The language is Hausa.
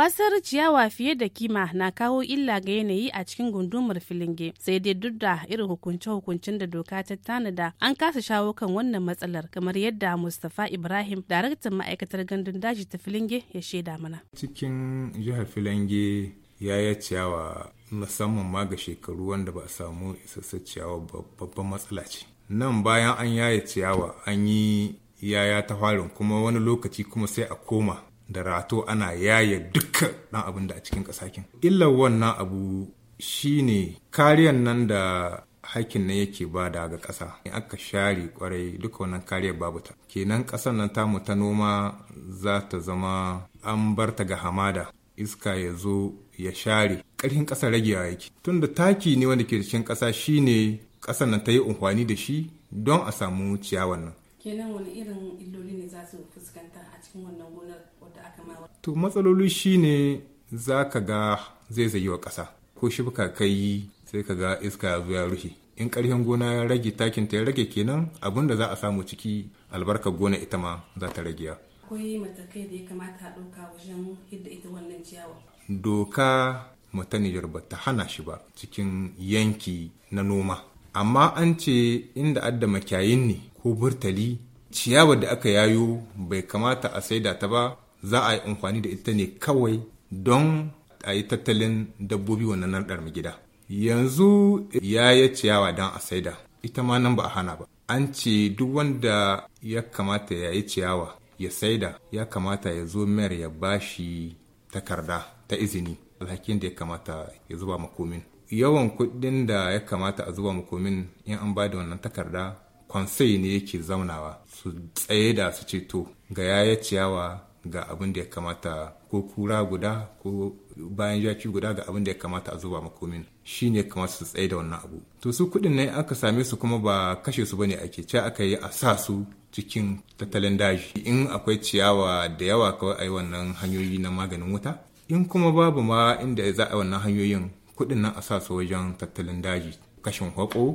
Kwasar ciyawa fiye da kima na kawo illa ga yanayi a cikin gundumar filinge sai dai duk da irin hukunce-hukuncen da doka ta tanada an kasa shawo kan wannan matsalar kamar yadda Mustapha Ibrahim daraktan ma'aikatar gandun daji ta filinge ya shaida mana. Cikin jihar filinge yi ciyawa musamman ma ga shekaru wanda ba a samu isassar ciyawa babban matsala ce. Nan bayan an yaya ciyawa an yi yaya ta farin kuma wani lokaci kuma sai a koma da rato ana yaye dukkan ɗan abin da a cikin ƙasakin illar wannan abu shine kariyan nan da hakin nan yake ba da ga ƙasa in aka share kwarai duka wannan kariyar babu ta kenan ƙasar nan tamu ta noma za ta zama an bar ta ga hamada iska ya zo ya share ƙarfin ƙasa ragewa yake tunda taki ne wanda ke cikin ƙasa shine ƙasar nan ta yi unhwani da shi don a samu ciyawan nan kenan wani irin illoli ne za su fuskanta a cikin wannan gonar wadda aka mawa to matsaloli shine za ka ga zai zayi wa ƙasa ko shibka ka yi sai ka ga iska ya rufe in ƙarfin gona ya rage takin ta ya rage kenan abin da za a samu ciki albarkar gona ita ma za ta rage akwai matakai da ya kamata a ɗauka wajen hidda ita wannan ciyawa doka mata Nijar ba ta hana shi ba cikin yanki na noma amma an ce inda adda makyayin ne ko burtali ciyawar da aka yayo bai kamata a saida ta ba za a yi amfani da ita ne kawai don a yi tattalin dabbobi wannan nan gida yanzu ya yi ciyawa don a saida ita ma nan ba a hana ba an ce duk wanda ya kamata ya yi ciyawa ya saida ya kamata ya zo mayar ya bashi takarda ta izini alhakin da ya kamata ya zuba makomin yawan kuɗin da ya kamata a zuba makomin in an ba da wannan takarda kwansai ne yake zaunawa su tsaye da su ceto ga yaya ciyawa ga abin da ya kamata ko kura guda ko bayan jaki guda ga abin da ya kamata a zuba makomin shi ne kamata su tsaye da wannan abu to su kuɗin ne aka same su kuma ba kashe su bane ake ce aka yi a sa su cikin tattalin daji in akwai ciyawa da yawa kawai a yi wannan hanyoyi na maganin wuta in kuma babu ma inda za a wannan hanyoyin kuɗin nan a sa su wajen tattalin daji kashin hwako